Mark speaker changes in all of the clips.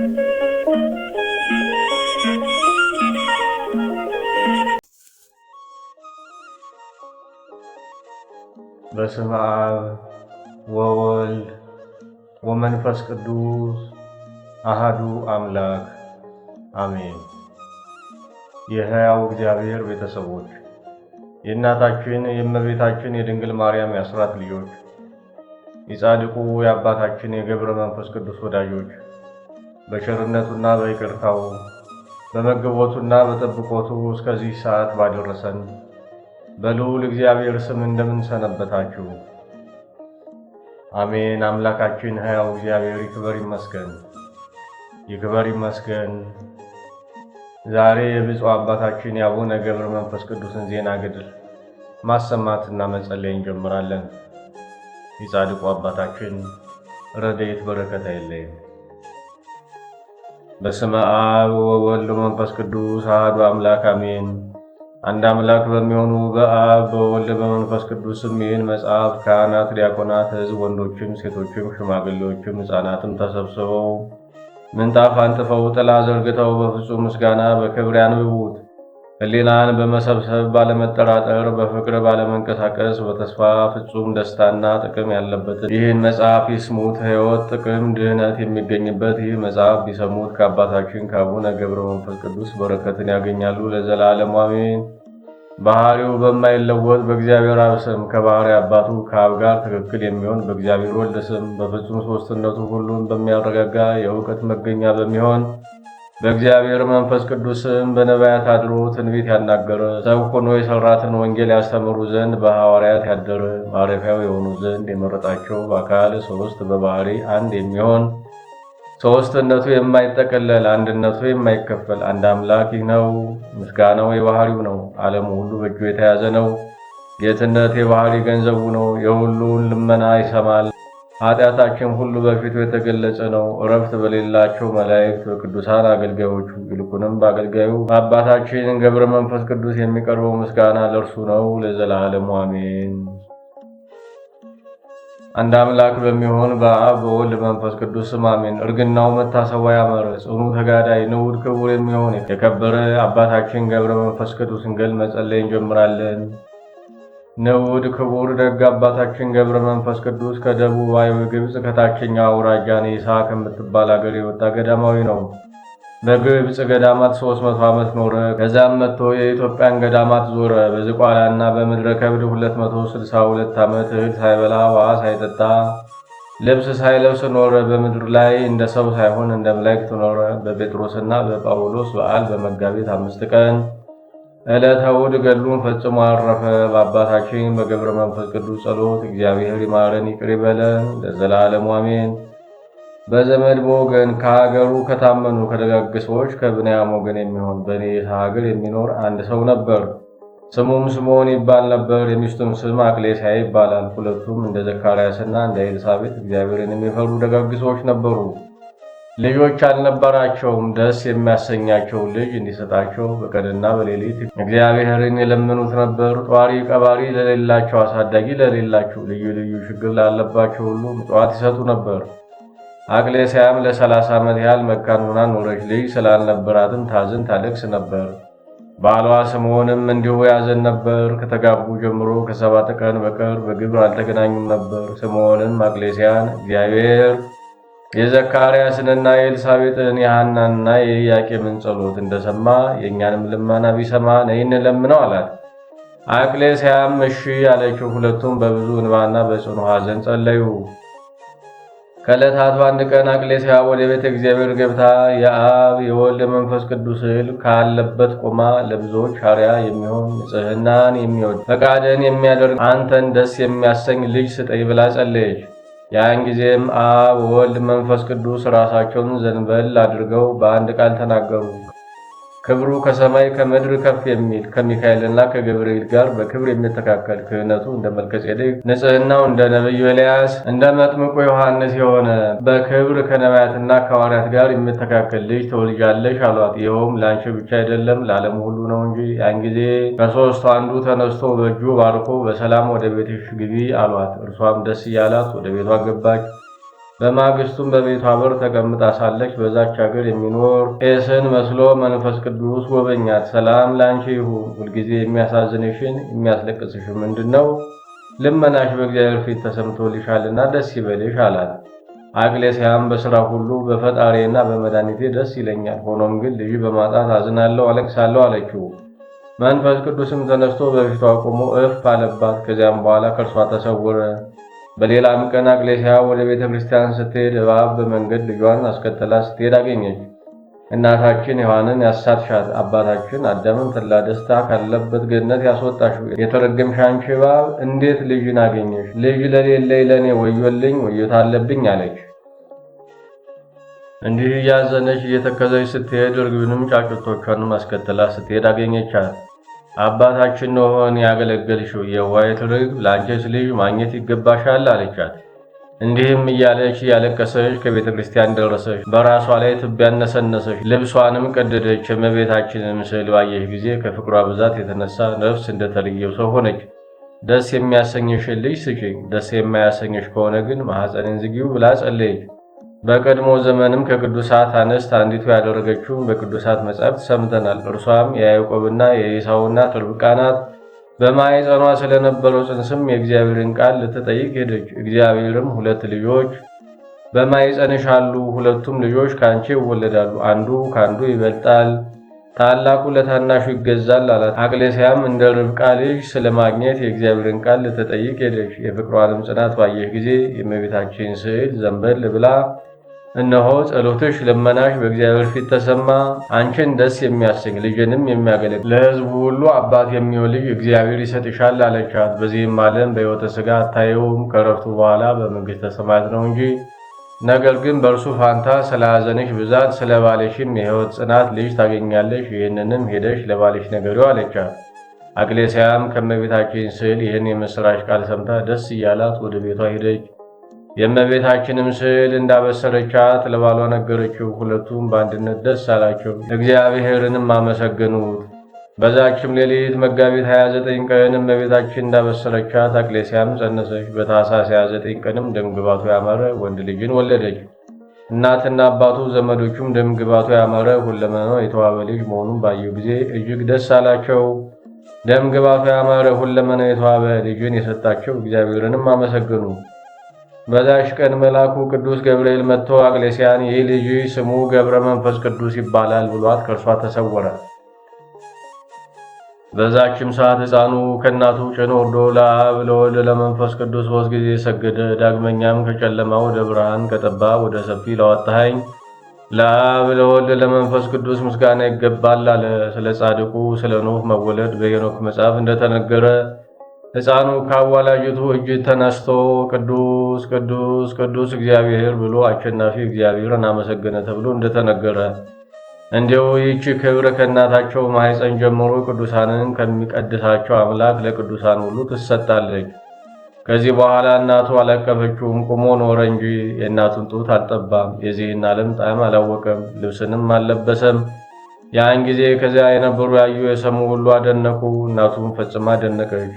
Speaker 1: በስመ አብ ወወልድ ወመንፈስ ቅዱስ አሃዱ አምላክ አሜን። የሕያው እግዚአብሔር ቤተሰቦች የእናታችን የእመቤታችን የድንግል ማርያም የአስራት ልጆች የጻድቁ የአባታችን የገብረ መንፈስ ቅዱስ ወዳጆች በቸርነቱና በይቅርታው በመግቦቱና በጠብቆቱ እስከዚህ ሰዓት ባደረሰን በልዑል እግዚአብሔር ስም እንደምንሰነበታችሁ። አሜን። አምላካችን ሕያው እግዚአብሔር ይክበር ይመስገን፣ ይክበር ይመስገን። ዛሬ የብፁዕ አባታችን የአቡነ ገብረ መንፈስ ቅዱስን ዜና ገድል ማሰማትና መጸለይ እንጀምራለን። የጻድቁ አባታችን ረድኤት በረከት አይለይም። በስመ አብ ወወልድ መንፈስ ቅዱስ አሐዱ አምላክ አሜን። አንድ አምላክ በሚሆኑ በአብ በወልድ በመንፈስ ቅዱስ ይህን መጽሐፍ ካህናት፣ ዲያቆናት፣ ሕዝብ ወንዶችም ሴቶችም ሽማግሌዎችም ሕፃናትም ተሰብስበው ምንጣፍ አንጥፈው ጥላ ዘርግተው በፍጹም ምስጋና በክብር ያንብቡት ህሊናን በመሰብሰብ ባለመጠራጠር፣ በፍቅር ባለመንቀሳቀስ፣ በተስፋ ፍጹም ደስታና ጥቅም ያለበትን ይህን መጽሐፍ ይስሙት። ሕይወት፣ ጥቅም፣ ድህነት የሚገኝበት ይህ መጽሐፍ ቢሰሙት ከአባታችን ከአቡነ ገብረ መንፈስ ቅዱስ በረከትን ያገኛሉ ለዘላለም አሜን። ባህሪው በማይለወጥ በእግዚአብሔር አብ ስም ከባህሪ አባቱ ከአብ ጋር ትክክል የሚሆን በእግዚአብሔር ወልድ ስም በፍጹም ሶስትነቱ ሁሉን በሚያረጋጋ የእውቀት መገኛ በሚሆን በእግዚአብሔር መንፈስ ቅዱስም በነቢያት አድሮ ትንቢት ያናገረ ሰው ሆኖ የሰራትን ወንጌል ያስተምሩ ዘንድ በሐዋርያት ያደረ ማረፊያው የሆኑ ዘንድ የመረጣቸው በአካል ሶስት በባህሪ አንድ የሚሆን ሶስትነቱ የማይጠቀለል አንድነቱ የማይከፈል አንድ አምላክ ነው። ምስጋናው የባህሪው ነው። ዓለሙ ሁሉ በእጁ የተያዘ ነው። ጌትነት የባህሪ ገንዘቡ ነው። የሁሉን ልመና ይሰማል። ኃጢአታችን ሁሉ በፊቱ የተገለጸ ነው። እረፍት በሌላቸው መላእክት በቅዱሳን አገልጋዮቹ ይልቁንም በአገልጋዩ አባታችን ገብረ መንፈስ ቅዱስ የሚቀርበው ምስጋና ለእርሱ ነው ለዘላለሙ አሜን። አንድ አምላክ በሚሆን በአብ በወልድ መንፈስ ቅዱስ ስም አሜን። እርግናው መታሰቧ ያመረ ጽኑ ተጋዳይ ንዑድ ክቡር የሚሆን የከበረ አባታችን ገብረ መንፈስ ቅዱስን ገል መጸለይ እንጀምራለን። ንዑድ ክቡር ደግ አባታችን ገብረ መንፈስ ቅዱስ ከደቡባዊ ግብፅ ከታችኛው አውራጃ ኔሳ ከምትባል አገር የወጣ ገዳማዊ ነው። በግብፅ ገዳማት 300 ዓመት ኖረ። ከዚያም መጥቶ የኢትዮጵያን ገዳማት ዞረ። በዝቋላና በምድረ ከብድ 262 ዓመት እህል ሳይበላ ውሃ ሳይጠጣ ልብስ ሳይለብስ ኖረ። በምድር ላይ እንደ ሰው ሳይሆን እንደ መላእክት ኖረ። በጴጥሮስና በጳውሎስ በዓል በመጋቢት አምስት ቀን ዕለተ እሑድ ገድሉን ፈጽሞ አረፈ። በአባታችን በገብረ መንፈስ ቅዱስ ጸሎት እግዚአብሔር ይማረን ይቅር ይበለን ለዘላለም አሜን። በዘመድ በወገን ከሀገሩ ከታመኑ ከደጋግ ሰዎች ከብንያም ወገን የሚሆን በኔሳ ሀገር የሚኖር አንድ ሰው ነበር። ስሙም ስምዖን ይባል ነበር። የሚስቱም ስም አቅሌሳያ ይባላል። ሁለቱም እንደ ዘካርያስና እንደ ኤልሳቤት እግዚአብሔርን የሚፈሩ ደጋግ ሰዎች ነበሩ። ልጆች አልነበራቸውም። ደስ የሚያሰኛቸው ልጅ እንዲሰጣቸው በቀንና በሌሊት እግዚአብሔርን የለመኑት ነበር። ጧሪ ቀባሪ ለሌላቸው፣ አሳዳጊ ለሌላቸው፣ ልዩ ልዩ ችግር ላለባቸው ሁሉ ምጽዋት ይሰጡ ነበር። አቅሌስያም ለሰላሳ ዓመት ያህል መካን ሆና ኖረች። ልጅ ስላልነበራትም ታዝን ታለቅስ ነበር። ባሏ ስምዖንም እንዲሁ ያዘን ነበር። ከተጋቡ ጀምሮ ከሰባት ቀን በቀር በግብር አልተገናኙም ነበር። ስምዖንም አቅሌስያን እግዚአብሔር የዘካርያስንና የኤልሳቤጥን የሐናንና የኢያቄምን ጸሎት እንደሰማ የእኛንም ልመና ቢሰማ ነይን ለምነው አላት። አቅሌስያም እሺ ያለችው፣ ሁለቱም በብዙ እንባና በጽኑ ሐዘን ጸለዩ። ከዕለታት በአንድ ቀን አቅሌስያ ወደ ቤተ እግዚአብሔር ገብታ የአብ የወልድ መንፈስ ቅዱስ ስዕል ካለበት ቆማ ለብዙዎች አርያ የሚሆን ንጽህናን የሚወድ ፈቃድን የሚያደርግ አንተን ደስ የሚያሰኝ ልጅ ስጠኝ ብላ ጸለየች። ያን ጊዜም አብ ወልድ መንፈስ ቅዱስ ራሳቸውን ዘንበል አድርገው በአንድ ቃል ተናገሩ። ክብሩ ከሰማይ ከምድር ከፍ የሚል ከሚካኤልና ከገብርኤል ጋር በክብር የሚተካከል ክህነቱ እንደ መልከጼዴቅ ንጽህናው እንደ ነቢዩ ኤልያስ እንደ መጥምቁ ዮሐንስ የሆነ በክብር ከነቢያትና ከሐዋርያት ጋር የሚተካከል ልጅ ትወልጃለሽ አሏት። ይኸውም ለአንቺ ብቻ አይደለም ለዓለም ሁሉ ነው እንጂ። ያን ጊዜ ከሶስቱ አንዱ ተነስቶ በእጁ ባርኮ በሰላም ወደ ቤትሽ ግቢ አሏት። እርሷም ደስ እያላት ወደ ቤቷ ገባች። በማግስቱም በቤቷ በር ተቀምጣ ሳለች በዛች ሀገር የሚኖር ኤስን መስሎ መንፈስ ቅዱስ ጎበኛት። ሰላም ላንቺ ይሁን። ሁልጊዜ የሚያሳዝንሽን የሚያስለቅስሽ ምንድን ነው? ልመናሽ በእግዚአብሔር ፊት ተሰምቶልሻልና ደስ ይበልሽ አላት። አቅሌስያም በስራ ሁሉ በፈጣሪና በመድኃኒቴ ደስ ይለኛል፣ ሆኖም ግን ልጅ በማጣት አዝናለሁ፣ አለቅሳለሁ አለችው። መንፈስ ቅዱስም ተነስቶ በፊቷ ቆሞ እፍ አለባት። ከዚያም በኋላ ከእርሷ ተሰወረ። በሌላም ቀን አቅሌሲያ ወደ ቤተ ክርስቲያን ስትሄድ እባብ በመንገድ ልጇን አስከተላ ስትሄድ አገኘች። እናታችን ሔዋንን ያሳትሻት አባታችን አዳምን ፍላ ደስታ ካለበት ገነት ያስወጣሽ የተረገምሽ አንቺ እባብ እንዴት ልጅን አገኘሽ? ልጅ ለሌለኝ ለእኔ ወዮልኝ፣ ወዮት አለብኝ አለች። እንዲህ እያዘነች እየተከዘች ስትሄድ እርግብንም ጫጩቶቿንም አስከተላ ስትሄድ አገኘቻት። አባታችን ሆን ያገለገልሽው የዋይት ርግብ ለአንቺስ ልጅ ማግኘት ይገባሻል አለቻት። እንዲህም እያለች ያለቀሰች ከቤተ ክርስቲያን ደረሰች። በራሷ ላይ ትቢያ ነሰነሰች፣ ልብሷንም ቀደደች። የእመቤታችንን ስዕል ባየች ጊዜ ከፍቅሯ ብዛት የተነሳ ነፍስ እንደተለየው ሰው ሆነች። ደስ የሚያሰኝሽን ልጅ ስጪኝ፣ ደስ የማያሰኝሽ ከሆነ ግን ማኅፀኔን ዝጊው ብላ ጸለየች። በቀድሞ ዘመንም ከቅዱሳት አንስት አንዲቱ ያደረገችውን በቅዱሳት መጻሕፍት ሰምተናል። እርሷም የያዕቆብና የኢሳው እናት ርብቃ ናት። በማኅፀኗ ስለነበረው ጽንስም የእግዚአብሔርን ቃል ልትጠይቅ ሄደች። እግዚአብሔርም ሁለት ልጆች በማኅፀንሽ አሉ፣ ሁለቱም ልጆች ከአንቺ ይወለዳሉ፣ አንዱ ከአንዱ ይበልጣል፣ ታላቁ ለታናሹ ይገዛል አላት። አቅሌሲያም እንደ ርብቃ ልጅ ስለማግኘት የእግዚአብሔርን ቃል ልትጠይቅ ሄደች። የፍቅሯንም ጽናት ባየች ጊዜ የእመቤታችን ስዕል ዘንበል ብላ እነሆ ጸሎትሽ፣ ልመናሽ በእግዚአብሔር ፊት ተሰማ። አንቺን ደስ የሚያሰኝ ልጅንም የሚያገለግል ለሕዝቡ ሁሉ አባት የሚሆን ልጅ እግዚአብሔር ይሰጥሻል አለቻት። በዚህም ዓለም በሕይወተ ሥጋ አታየውም፣ ከረፍቱ በኋላ በመንግሥተ ሰማያት ነው እንጂ። ነገር ግን በእርሱ ፋንታ ስለ ሐዘንሽ ብዛት ስለ ባልሽም የሕይወት ጽናት ልጅ ታገኛለሽ። ይህንንም ሄደሽ ለባልሽ ነገሪው አለቻት። አቅሌስያም ከመቤታችን ስዕል ይህን የምሥራች ቃል ሰምታ ደስ እያላት ወደ ቤቷ ሄደች። የእመቤታችንም ስዕል እንዳበሰረቻት ለባሏ ነገረችው። ሁለቱም በአንድነት ደስ አላቸው፣ እግዚአብሔርንም አመሰገኑት። በዛችም ሌሊት መጋቢት 29 ቀን እመቤታችን እንዳበሰረቻት አቅሌሲያም ጸነሰች። በታኅሳስ 29 ቀንም ደምግባቱ ያማረ ወንድ ልጅን ወለደች። እናትና አባቱ ዘመዶቹም ደምግባቱ ያማረ ሁለመናው የተዋበ ልጅ መሆኑን ባዩ ጊዜ እጅግ ደስ አላቸው። ደምግባቱ ያማረ ሁለመናው የተዋበ ልጅን የሰጣቸው እግዚአብሔርንም አመሰገኑት። በዛሽ ቀን መልአኩ ቅዱስ ገብርኤል መጥቶ አቅሌስያን ይህ ልጅ ስሙ ገብረ መንፈስ ቅዱስ ይባላል ብሏት ከእርሷ ተሰወረ። በዛችም ሰዓት ሕፃኑ ከእናቱ ጭን ወርዶ ለአብ ለወልድ ለመንፈስ ቅዱስ ሦስት ጊዜ ሰገደ። ዳግመኛም ከጨለማ ወደ ብርሃን ከጠባብ ወደ ሰፊ ላወጣኸኝ ለአብ ለወልድ ለመንፈስ ቅዱስ ምስጋና ይገባል አለ። ስለ ጻድቁ ስለ ኖህ መወለድ በሄኖክ መጽሐፍ እንደተነገረ ሕፃኑ ከአዋላጅቱ እጅ ተነስቶ ቅዱስ ቅዱስ ቅዱስ እግዚአብሔር ብሎ አሸናፊ እግዚአብሔርን አመሰገነ ተብሎ እንደተነገረ እንዲሁ ይህች ክብር ከእናታቸው ማኅፀን ጀምሮ ቅዱሳንን ከሚቀድሳቸው አምላክ ለቅዱሳን ሁሉ ትሰጣለች። ከዚህ በኋላ እናቱ አላቀፈችውም፣ ቁሞ ኖረ እንጂ የእናቱን ጡት አልጠባም። የዚህን ዓለም ጣዕም አላወቀም፣ ልብስንም አልለበሰም። ያን ጊዜ ከዚያ የነበሩ ያዩ የሰሙ ሁሉ አደነቁ፣ እናቱም ፈጽማ አደነቀች።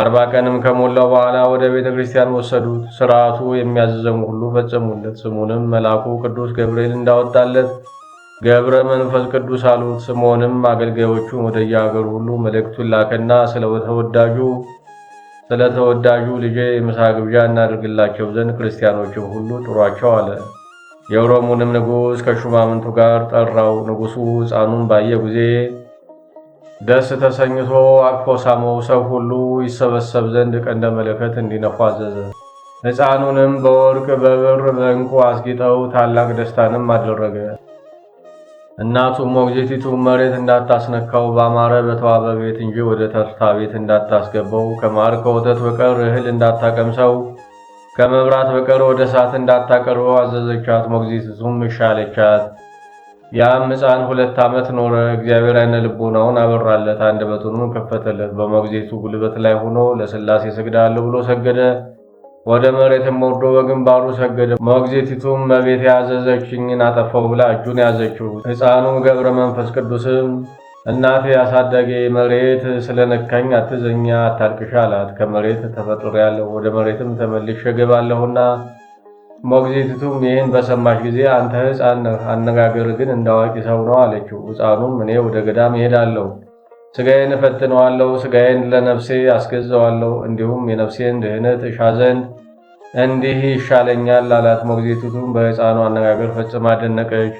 Speaker 1: አርባ ቀንም ከሞላው በኋላ ወደ ቤተ ክርስቲያን ወሰዱት። ስርዓቱ የሚያዘዘም ሁሉ ፈጸሙለት። ስሙንም መልአኩ ቅዱስ ገብርኤል እንዳወጣለት ገብረ መንፈስ ቅዱስ አሉት። ስምዖንም አገልጋዮቹን ወደ የአገሩ ሁሉ መልእክቱን ላከና ስለተወዳጁ ስለተወዳጁ ተወዳጁ ልጄ ምሳ ግብዣ እናደርግላቸው ዘንድ ክርስቲያኖችም ሁሉ ጥሯቸው አለ። የሮሙንም ንጉሥ ከሹማምንቱ ጋር ጠራው። ንጉሡ ሕፃኑን ባየ ጊዜ ደስ ተሰኝቶ አቅፎ ሳመው። ሰው ሁሉ ይሰበሰብ ዘንድ ቀንደ መለከት እንዲነፉ አዘዘ። ሕፃኑንም በወርቅ በብር በዕንቁ አስጊጠው ታላቅ ደስታንም አደረገ። እናቱ ሞግዚቲቱ መሬት እንዳታስነካው በአማረ በተዋበ ቤት እንጂ ወደ ተርታ ቤት እንዳታስገባው ከማር ከወተት በቀር እህል እንዳታቀምሰው ከመብራት በቀር ወደ እሳት እንዳታቀርበው አዘዘቻት። ሞግዚቲቱም እሻለቻት። ያም ሕፃን ሁለት ዓመት ኖረ፣ እግዚአብሔር አይነ ልቦናውን አበራለት፣ አንደበቱንም ከፈተለት። በሞግዚቱ ጉልበት ላይ ሆኖ ስግዳ እሰግዳለሁ ብሎ ሰገደ። ወደ መሬትም ወርዶ በግንባሩ ሰገደ። ሞግዚቲቱም መቤት ያዘዘችኝን አጠፋው ብላ እጁን ያዘችው። ህፃኑ ገብረ መንፈስ ቅዱስም እናቴ ያሳደጌ መሬት ስለነካኝ አትዘኛ አታልቅሻ አላት። ከመሬት ተፈጥሬያለሁ ወደ መሬትም ተመልሼ እገባለሁና ሞግዚቲቱም ይህን በሰማች ጊዜ አንተ ሕፃን ነህ፣ አነጋገር ግን እንደ አዋቂ ሰው ነው አለችው። ሕፃኑም እኔ ወደ ገዳም እሄዳለሁ፣ ስጋዬን እፈትነዋለሁ፣ ስጋዬን ለነፍሴ አስገዛዋለሁ፣ እንዲሁም የነፍሴን ድህነት እሻ ዘንድ እንዲህ ይሻለኛል አላት። ሞግዚቲቱም በሕፃኑ አነጋገር ፈጽማ አደነቀች።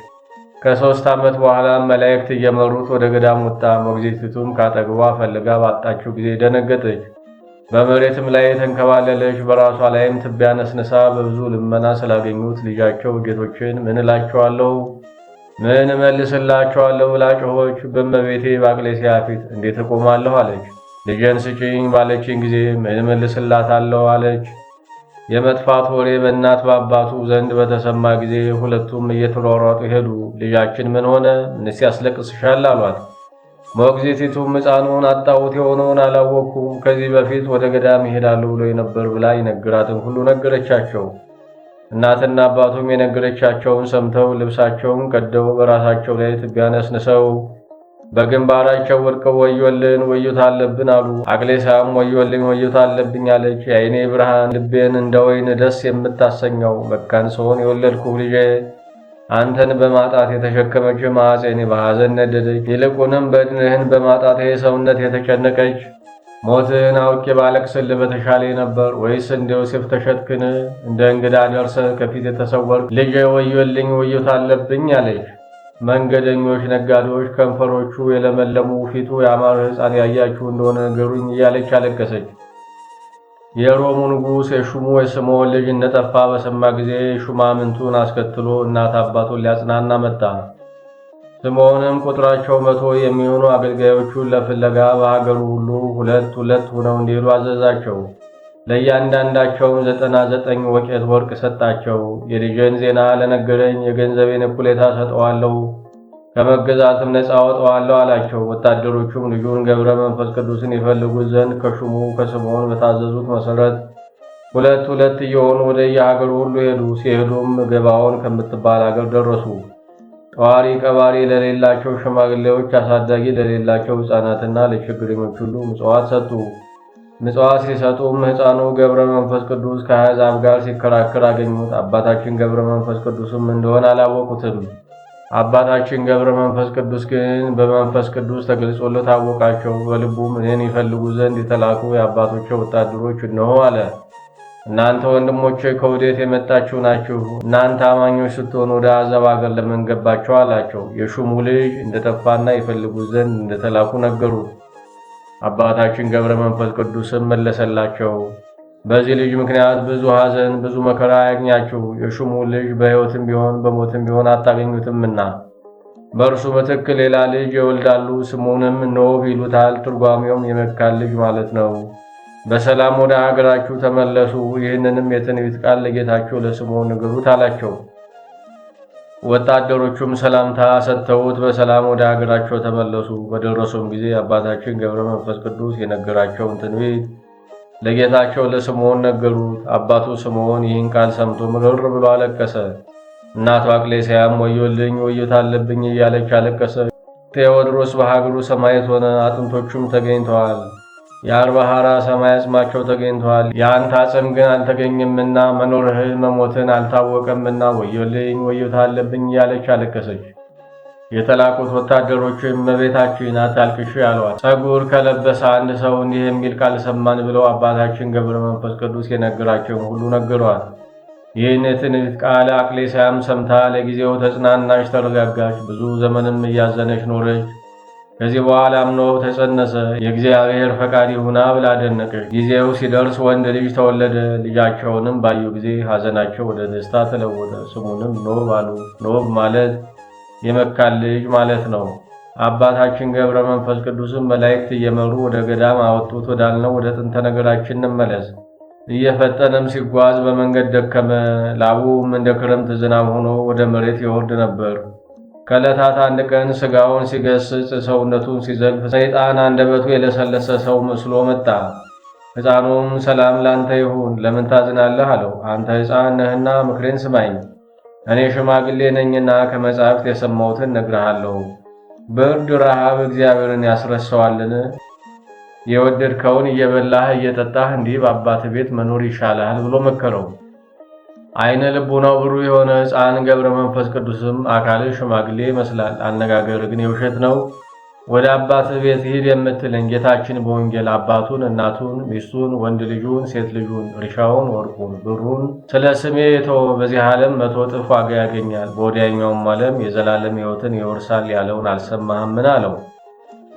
Speaker 1: ከሶስት ዓመት በኋላ መላእክት እየመሩት ወደ ገዳም ወጣ። ሞግዚቲቱም ካጠገቧ ፈልጋ ባጣችው ጊዜ ደነገጠች። በመሬትም ላይ የተንከባለለች በራሷ ላይም ትቢያ ነስንሳ በብዙ ልመና ስላገኙት ልጃቸው ጌቶችን ምን እላቸዋለሁ ምን እመልስላቸዋለሁ ብላ ጮኸች። በመቤቴ በአቅሌስያ ፊት እንዴት እቆማለሁ አለች። ልጄን ባለችን ባለችኝ ጊዜ ምን እመልስላታለሁ አለች። የመጥፋት ወሬ በእናት በአባቱ ዘንድ በተሰማ ጊዜ ሁለቱም እየተሯሯጡ ሄዱ። ልጃችን ምን ሆነ? ምንስ ያስለቅስሻል? አሏት። ሞግዚቲቱም ሕፃኑን አጣሁት የሆነውን አላወቅኩም፣ ከዚህ በፊት ወደ ገዳም ይሄዳሉ ብሎ የነበር ብላ ይነግራትን ሁሉ ነገረቻቸው። እናትና አባቱም የነገረቻቸውን ሰምተው ልብሳቸውን ቀደው በራሳቸው ላይ ትቢያን አስነሰው በግንባራቸው ወድቀው ወዮልን ወዮት አለብን አሉ። አቅሌሳም ወዮልኝ ወዮት አለብኝ አለች። የአይኔ ብርሃን ልቤን እንደ ወይን ደስ የምታሰኘው መካን ሰሆን የወለድኩ ልጄ አንተን በማጣት የተሸከመች ማዕፀኔ በሐዘን ነደደች። ይልቁንም በድንህን በማጣት የሰውነት የተጨነቀች ሞትህን አውቄ ባለቅስልህ በተሻለ ነበር። ወይስ እንደ ዮሴፍ ተሸጥክን እንደ እንግዳ ደርሰ ከፊት የተሰወር ልጄ ወዮልኝ፣ ወዮት አለብኝ አለች። መንገደኞች፣ ነጋዴዎች፣ ከንፈሮቹ የለመለሙ ፊቱ ያማረ ሕፃን ያያችሁ እንደሆነ ነገሩኝ እያለች አለቀሰች። የሮሙ ንጉሥ የሹሙ የስምዖን ልጅ እንደጠፋ በሰማ ጊዜ ሹማምንቱን አስከትሎ እናት አባቱን ሊያጽናና መጣ። ስምዖንም ቁጥራቸው መቶ የሚሆኑ አገልጋዮቹን ለፍለጋ በሀገሩ ሁሉ ሁለት ሁለት ሆነው እንዲሄዱ አዘዛቸው። ለእያንዳንዳቸውም ዘጠና ዘጠኝ ወቄት ወርቅ ሰጣቸው። የልጀን ዜና ለነገረኝ የገንዘቤን እኩሌታ ሰጠዋለሁ ከመገዛትም ነፃ አወጣዋለሁ አላቸው። ወታደሮቹም ልጁን ገብረ መንፈስ ቅዱስን ይፈልጉት ዘንድ ከሹሙ ከስምዖን በታዘዙት መሰረት ሁለት ሁለት እየሆኑ ወደ የሀገሩ ሁሉ ሄዱ። ሲሄዱም ገባዖን ከምትባል ሀገር ደረሱ። ጠዋሪ ቀባሪ ለሌላቸው ሽማግሌዎች፣ አሳዳጊ ለሌላቸው ሕፃናትና ለችግረኞች ሁሉ ምጽዋት ሰጡ። ምጽዋት ሲሰጡም ሕፃኑ ገብረ መንፈስ ቅዱስ ከአሕዛብ ጋር ሲከራከር አገኙት። አባታችን ገብረ መንፈስ ቅዱስም እንደሆነ አላወቁትም። አባታችን ገብረ መንፈስ ቅዱስ ግን በመንፈስ ቅዱስ ተገልጾለት ታወቃቸው። በልቡም እኔን ይፈልጉ ዘንድ የተላኩ የአባቶቼ ወታደሮች እነሆ አለ። እናንተ ወንድሞቼ ከውዴት የመጣችሁ ናችሁ? እናንተ አማኞች ስትሆኑ ወደ አዘብ አገር ለምን ገባችሁ? አላቸው። የሹሙ ልጅ እንደጠፋና ይፈልጉ ዘንድ እንደተላኩ ነገሩ። አባታችን ገብረ መንፈስ ቅዱስም መለሰላቸው። በዚህ ልጅ ምክንያት ብዙ ሐዘን፣ ብዙ መከራ ያግኛችሁ። የሹሙ ልጅ በሕይወትም ቢሆን በሞትም ቢሆን አታገኙትምና በእርሱ ምትክ ሌላ ልጅ ይወልዳሉ። ስሙንም ኖህ ይሉታል። ትርጓሚውም የመካን ልጅ ማለት ነው። በሰላም ወደ ሀገራችሁ ተመለሱ። ይህንንም የትንቢት ቃል ለጌታችሁ ለስምዖን ንገሩት አላቸው። ወታደሮቹም ሰላምታ ሰጥተውት በሰላም ወደ ሀገራቸው ተመለሱ። በደረሱም ጊዜ አባታችን ገብረ መንፈስ ቅዱስ የነገራቸውን ትንቢት ለጌታቸው ለስምዖን ነገሩት። አባቱ ስምዖን ይህን ቃል ሰምቶ ምርር ብሎ አለቀሰ። እናቱ አቅሌስያም ወዮልኝ፣ ወዮት አለብኝ እያለች አለቀሰ። ቴዎድሮስ በሀገሩ ሰማዕት ሆነ። አጥንቶቹም ተገኝተዋል። የአርባሃራ ሰማይ አጽማቸው ተገኝተዋል። የአንተ አጽም ግን አልተገኘምና መኖርህን መሞትን አልታወቀምና ወዮልኝ፣ ወዮት አለብኝ እያለች አለቀሰች። የተላኩት ወታደሮች እመቤታችን አታልቅሽ ያለዋል። ጸጉር ከለበሰ አንድ ሰው እንዲህ የሚል ቃል ሰማን ብለው አባታችን ገብረ መንፈስ ቅዱስ የነገራቸውን ሁሉ ነገሯል። ይህን የትንቢት ቃል ሳያም ሰምታ ለጊዜው ተጽናናች፣ ተረጋጋች። ብዙ ዘመንም እያዘነች ኖረች። ከዚህ በኋላ አምኖ ተጸነሰ። የእግዚአብሔር ፈቃድ ይሁና ብላ አደነቀች። ጊዜው ሲደርስ ወንድ ልጅ ተወለደ። ልጃቸውንም ባዩ ጊዜ ሐዘናቸው ወደ ደስታ ተለወጠ። ስሙንም ኖብ አሉ። ኖብ ማለት የመካን ልጅ ማለት ነው። አባታችን ገብረ መንፈስ ቅዱስን መላእክት እየመሩ ወደ ገዳም አወጡት ወዳልነው ወደ ጥንተ ነገራችን እንመለስ። እየፈጠነም ሲጓዝ በመንገድ ደከመ። ላቡም እንደ ክረምት ዝናብ ሆኖ ወደ መሬት ይወርድ ነበር። ከዕለታት አንድ ቀን ስጋውን ሲገስጽ ሰውነቱን ሲዘልፍ ሰይጣን አንደበቱ የለሰለሰ ሰው መስሎ መጣ። ሕፃኑም ሰላም ላንተ ይሁን፣ ለምን ታዝናለህ? አለው። አንተ ሕፃን ነህና ምክሬን ስማኝ እኔ ሽማግሌ ነኝና ከመጻሕፍት የሰማሁትን ነግረሃለሁ። ብርድ ረሃብ እግዚአብሔርን ያስረሳዋልን? የወደድከውን እየበላህ እየጠጣህ እንዲህ በአባት ቤት መኖር ይሻላል ብሎ መከረው። አይነ ልቡናው ብሩህ የሆነ ሕፃን ገብረ መንፈስ ቅዱስም አካልህ ሽማግሌ ይመስላል፣ አነጋገር ግን የውሸት ነው ወደ አባትህ ቤት ሂድ የምትልን ጌታችን በወንጌል አባቱን፣ እናቱን፣ ሚስቱን፣ ወንድ ልጁን፣ ሴት ልጁን፣ እርሻውን፣ ወርቁን፣ ብሩን ስለ ስሜ የተወ በዚህ ዓለም መቶ እጥፍ ዋጋ ያገኛል፣ በወዲያኛውም ዓለም የዘላለም ሕይወትን ይወርሳል ያለውን አልሰማህምን አለው።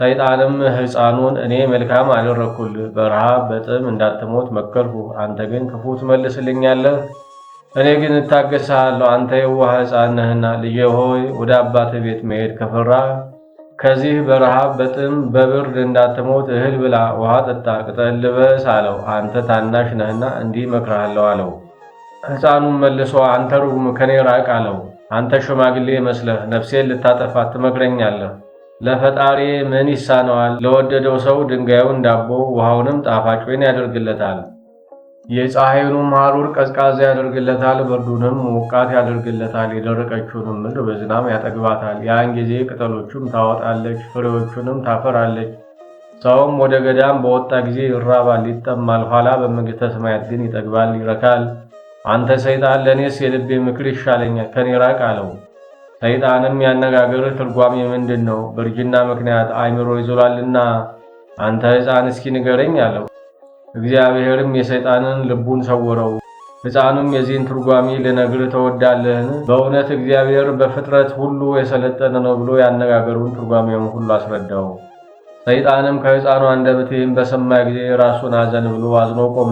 Speaker 1: ሰይጣንም ሕፃኑን እኔ መልካም አደረግኩልህ፣ በረሃብ በጥም እንዳትሞት መከልሁ፣ አንተ ግን ክፉ ትመልስልኛለህ። እኔ ግን እታገሳለሁ፣ አንተ የዋህ ሕፃን ነህና። ልጄ ሆይ ወደ አባትህ ቤት መሄድ ከፈራ ከዚህ በረሃብ በጥም በብርድ እንዳትሞት እህል ብላ፣ ውሃ ጠጣ፣ ቅጠል ልበስ አለው። አንተ ታናሽ ነህና እንዲህ እመክርሃለሁ አለው። ሕፃኑም መልሶ አንተ ሩም ከኔ ራቅ አለው። አንተ ሽማግሌ መስለህ ነፍሴን ልታጠፋት ትመክረኛለህ። ለፈጣሪ ምን ይሳነዋል? ለወደደው ሰው ድንጋዩን ዳቦ ውሃውንም ጣፋጭ ወይን ያደርግለታል። የፀሐዩን ማሩር ቀዝቃዛ ያደርግለታል፣ ብርዱንም ሞቃት ያደርግለታል። የደረቀችውንም ምድር በዝናብ ያጠግባታል። ያን ጊዜ ቅጠሎቹም ታወጣለች፣ ፍሬዎቹንም ታፈራለች። ሰውም ወደ ገዳም በወጣ ጊዜ ይራባል፣ ይጠማል። ኋላ በመንግሥተ ሰማያት ግን ይጠግባል፣ ይረካል። አንተ ሰይጣን ለእኔስ የልቤ ምክር ይሻለኛል፣ ከኔ ራቅ አለው። ሰይጣንም ያነጋገርህ ትርጓሜ ምንድን ነው? በእርጅና ምክንያት አይምሮ ይዞላልና አንተ ሕፃን እስኪ ንገረኝ አለው። እግዚአብሔርም የሰይጣንን ልቡን ሰወረው ሕፃኑም የዚህን ትርጓሜ ልነግር ተወዳለህን? በእውነት እግዚአብሔር በፍጥረት ሁሉ የሰለጠነ ነው ብሎ ያነጋገሩን ትርጓሜውን ሁሉ አስረዳው። ሰይጣንም ከሕፃኑ አንደበት ይህን በሰማ ጊዜ ራሱን አዘን ብሎ አዝኖ ቆመ፣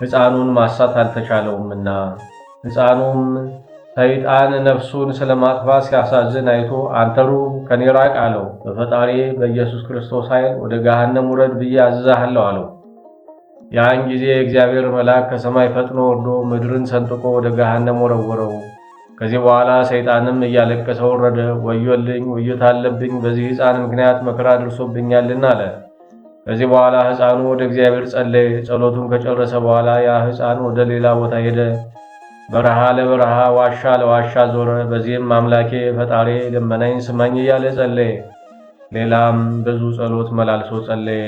Speaker 1: ሕፃኑን ማሳት አልተቻለውምና። ሕፃኑም ሰይጣን ነፍሱን ስለ ማጥፋት ሲያሳዝን አይቶ አንተ ሩቅ ከኔ ራቅ አለው። በፈጣሪ በኢየሱስ ክርስቶስ ኃይል ወደ ገሃነም ውረድ ብዬ አዝዛሃለሁ አለው። ያን ጊዜ የእግዚአብሔር መልአክ ከሰማይ ፈጥኖ ወርዶ ምድርን ሰንጥቆ ወደ ገሃነም ወረወረው። ከዚህ በኋላ ሰይጣንም እያለቀሰ ወረደ። ወዮልኝ፣ ወዮት አለብኝ፣ በዚህ ሕፃን ምክንያት መከራ ደርሶብኛልና አለ። ከዚህ በኋላ ሕፃኑ ወደ እግዚአብሔር ጸለየ። ጸሎቱን ከጨረሰ በኋላ ያ ሕፃን ወደ ሌላ ቦታ ሄደ። በረሃ ለበረሃ ዋሻ ለዋሻ ዞረ። በዚህም አምላኬ ፈጣሬ ለመናኝ ስማኝ እያለ ጸለየ። ሌላም ብዙ ጸሎት መላልሶ ጸለየ።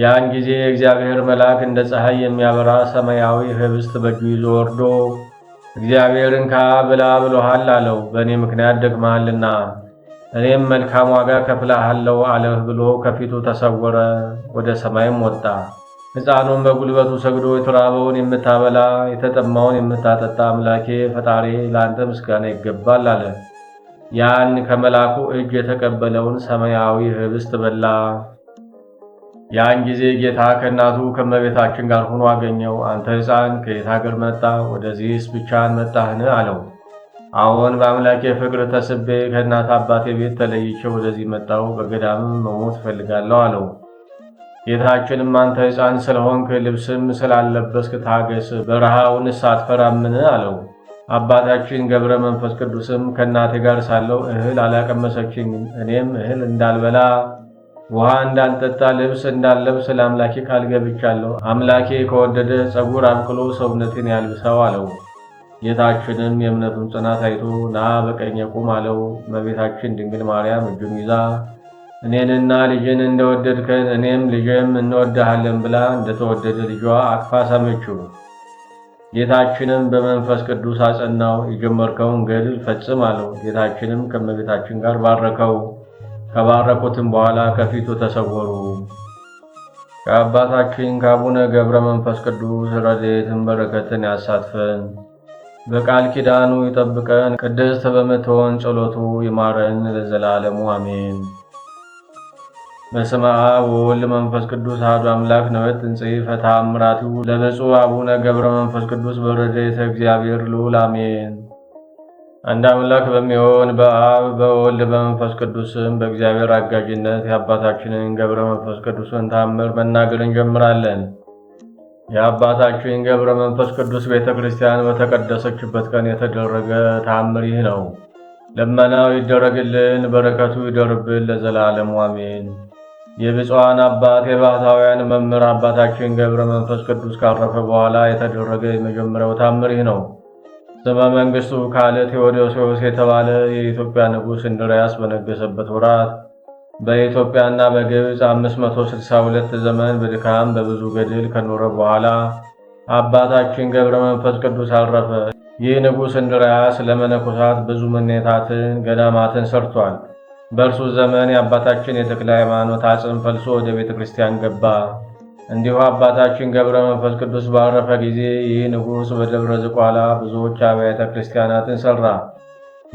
Speaker 1: ያን ጊዜ የእግዚአብሔር መልአክ እንደ ፀሐይ የሚያበራ ሰማያዊ ህብስት በእጁ ይዞ ወርዶ እግዚአብሔርን ካ ብላ ብሎሃል አለው፣ በእኔ ምክንያት ደክመሃልና እኔም መልካም ዋጋ ከፍላሃለው አለህ ብሎ ከፊቱ ተሰወረ፣ ወደ ሰማይም ወጣ። ሕፃኑም በጉልበቱ ሰግዶ የተራበውን የምታበላ የተጠማውን የምታጠጣ አምላኬ ፈጣሬ ለአንተ ምስጋና ይገባል አለ። ያን ከመልአኩ እጅ የተቀበለውን ሰማያዊ ህብስት በላ። ያን ጊዜ ጌታ ከእናቱ ከመቤታችን ጋር ሆኖ አገኘው። አንተ ሕፃን ከየት ሀገር መጣ? ወደዚህስ ብቻን መጣህን? አለው። አሁን በአምላኬ ፍቅር ተስቤ ከእናት አባቴ ቤት ተለይቼ ወደዚህ መጣሁ። በገዳምም መሞት እፈልጋለሁ አለው። ጌታችንም አንተ ሕፃን ስለሆንክ ልብስም ስላለበስክ ታገስ፣ በረሃውን አትፈራምን? አለው። አባታችን ገብረ መንፈስ ቅዱስም ከእናቴ ጋር ሳለው እህል አላቀመሰችኝ፣ እኔም እህል እንዳልበላ ውሃ እንዳልጠጣ ልብስ እንዳልለብስ ለአምላኬ ቃል ገብቻለሁ። አምላኬ ከወደደ ጸጉር አብቅሎ ሰውነቴን ያልብሰው አለው። ጌታችንም የእምነቱን ጽናት አይቶ ና በቀኝ ቁም አለው። እመቤታችን ድንግል ማርያም እጁን ይዛ እኔንና ልጅን እንደወደድከን እኔም ልጅም እንወድሃለን ብላ እንደተወደደ ልጇ አቅፋ ሳመችው። ጌታችንም በመንፈስ ቅዱስ አጸናው። የጀመርከውን ገድል ፈጽም አለው። ጌታችንም ከእመቤታችን ጋር ባረከው። ከባረኩትም በኋላ ከፊቱ ተሰወሩ። ከአባታችን ከአቡነ ገብረ መንፈስ ቅዱስ ረድኤትን በረከትን ያሳትፈን፣ በቃል ኪዳኑ ይጠብቀን፣ ቅድስት በምትሆን ጸሎቱ ይማረን ለዘላለሙ አሜን። በስመ አብ ወወልድ መንፈስ ቅዱስ አሐዱ አምላክ ነወት ፈታ ተአምራቲሁ ለብፁዕ አቡነ ገብረ መንፈስ ቅዱስ በረድኤተ እግዚአብሔር ልዑል አሜን። አንድ አምላክ በሚሆን በአብ በወልድ በመንፈስ ቅዱስም በእግዚአብሔር አጋዥነት የአባታችንን ገብረ መንፈስ ቅዱስን ታምር መናገር እንጀምራለን። የአባታችን ገብረ መንፈስ ቅዱስ ቤተ ክርስቲያን በተቀደሰችበት ቀን የተደረገ ታምር ይህ ነው። ልመናው ይደረግልን፣ በረከቱ ይደርብን ለዘላለሙ አሜን። የብፁዓን አባት የባህታውያን መምህር አባታችን ገብረ መንፈስ ቅዱስ ካረፈ በኋላ የተደረገ የመጀመሪያው ታምር ይህ ነው። ዘመንግሥቱ ካለ ቴዎዶሲዎስ የተባለ የኢትዮጵያ ንጉሥ እንድርያስ በነገሰበት ወራት በኢትዮጵያና በግብፅ 562 ዘመን በድካም በብዙ ገድል ከኖረ በኋላ አባታችን ገብረ መንፈስ ቅዱስ አረፈ። ይህ ንጉሥ እንድርያስ ለመነኮሳት ብዙ ምኔታትን ገዳማትን ሰርቷል። በእርሱ ዘመን የአባታችን የተክለ ሃይማኖት አጽም ፈልሶ ወደ ቤተ ክርስቲያን ገባ። እንዲሁ አባታችን ገብረ መንፈስ ቅዱስ ባረፈ ጊዜ ይህ ንጉሥ በደብረ ዝቋላ ብዙዎች አብያተ ክርስቲያናትን ሠራ።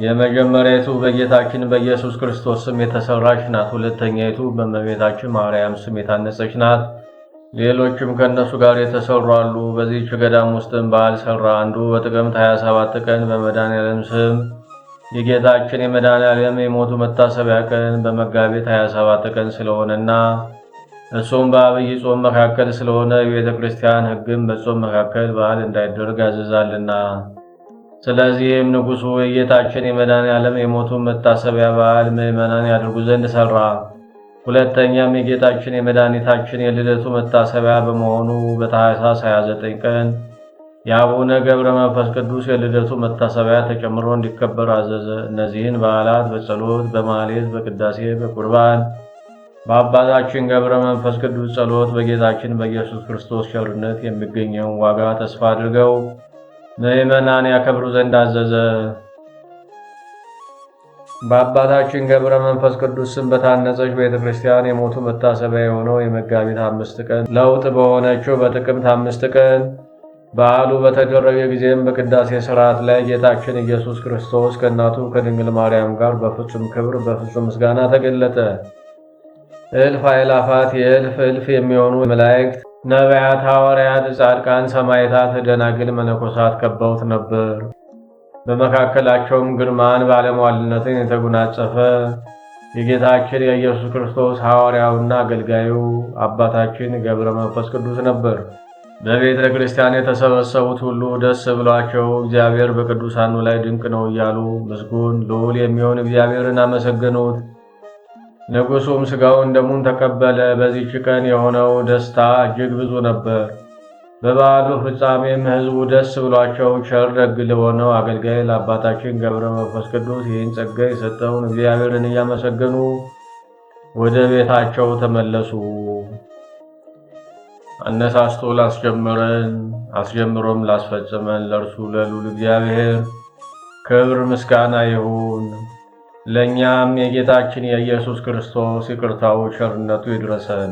Speaker 1: የመጀመሪያቱ በጌታችን በኢየሱስ ክርስቶስ ስም የተሠራች ናት። ሁለተኛይቱ በእመቤታችን ማርያም ስም የታነጸች ናት። ሌሎችም ከእነሱ ጋር የተሰሩ አሉ። በዚህች ገዳም ውስጥም በዓል ሠራ። አንዱ በጥቅምት 27 ቀን በመድኃኔዓለም ስም የጌታችን የመድኃኔዓለም የሞቱ መታሰቢያ ቀን በመጋቢት 27 ቀን ስለሆነና እሱም በአብይ ጾም መካከል ስለሆነ የቤተ ክርስቲያን ሕግም በጾም መካከል በዓል እንዳይደረግ ያዘዛልና። ስለዚህም ንጉሡ የጌታችን የመድኃኔዓለም የሞቱን መታሰቢያ በዓል ምዕመናን ያደርጉ ዘንድ ሠራ። ሁለተኛም የጌታችን የመድኃኒታችን የልደቱ መታሰቢያ በመሆኑ በታኅሳስ 29 ቀን የአቡነ ገብረ መንፈስ ቅዱስ የልደቱ መታሰቢያ ተጨምሮ እንዲከበር አዘዘ። እነዚህን በዓላት በጸሎት፣ በማሌት፣ በቅዳሴ፣ በቁርባን በአባታችን ገብረ መንፈስ ቅዱስ ጸሎት በጌታችን በኢየሱስ ክርስቶስ ቸርነት የሚገኘውን ዋጋ ተስፋ አድርገው ምዕመናን ያከብሩ ዘንድ አዘዘ። በአባታችን ገብረ መንፈስ ቅዱስ ስም በታነጸች ቤተ ክርስቲያን የሞቱ መታሰቢያ የሆነው የመጋቢት አምስት ቀን ለውጥ በሆነችው በጥቅምት አምስት ቀን በዓሉ በተደረገ ጊዜም በቅዳሴ ስርዓት ላይ ጌታችን ኢየሱስ ክርስቶስ ከእናቱ ከድንግል ማርያም ጋር በፍጹም ክብር በፍጹም ምስጋና ተገለጠ። እልፍ አእላፋት የእልፍ እልፍ የሚሆኑ መላእክት፣ ነቢያት፣ ሐዋርያት፣ ጻድቃን፣ ሰማዕታት፣ ደናግል፣ መነኮሳት ከበውት ነበር። በመካከላቸውም ግርማን ባለሟልነትን የተጎናጸፈ የጌታችን የኢየሱስ ክርስቶስ ሐዋርያውና አገልጋዩ አባታችን ገብረ መንፈስ ቅዱስ ነበር። በቤተ ክርስቲያን የተሰበሰቡት ሁሉ ደስ ብሏቸው እግዚአብሔር በቅዱሳኑ ላይ ድንቅ ነው እያሉ ምስጉን ልዑል የሚሆን እግዚአብሔርን አመሰገኑት። ንጉሡም ሥጋውን ደሙን ተቀበለ። በዚህች ቀን የሆነው ደስታ እጅግ ብዙ ነበር። በበዓሉ ፍጻሜም ሕዝቡ ደስ ብሏቸው ቸር ደግ ለሆነው አገልጋይ ለአባታችን ገብረ መንፈስ ቅዱስ ይህን ጸጋ የሰጠውን እግዚአብሔርን እያመሰገኑ ወደ ቤታቸው ተመለሱ። አነሳስቶ ላስጀምረን አስጀምሮም ላስፈጽመን ለእርሱ ለሉል እግዚአብሔር ክብር ምስጋና ይሁን። ለእኛም የጌታችን የኢየሱስ ክርስቶስ ይቅርታው ቸርነቱ ይድረሰን።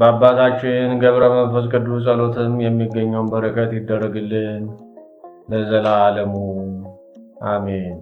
Speaker 1: በአባታችን ገብረ መንፈስ ቅዱስ ጸሎትም የሚገኘውን በረከት ይደረግልን ለዘላለሙ አሜን።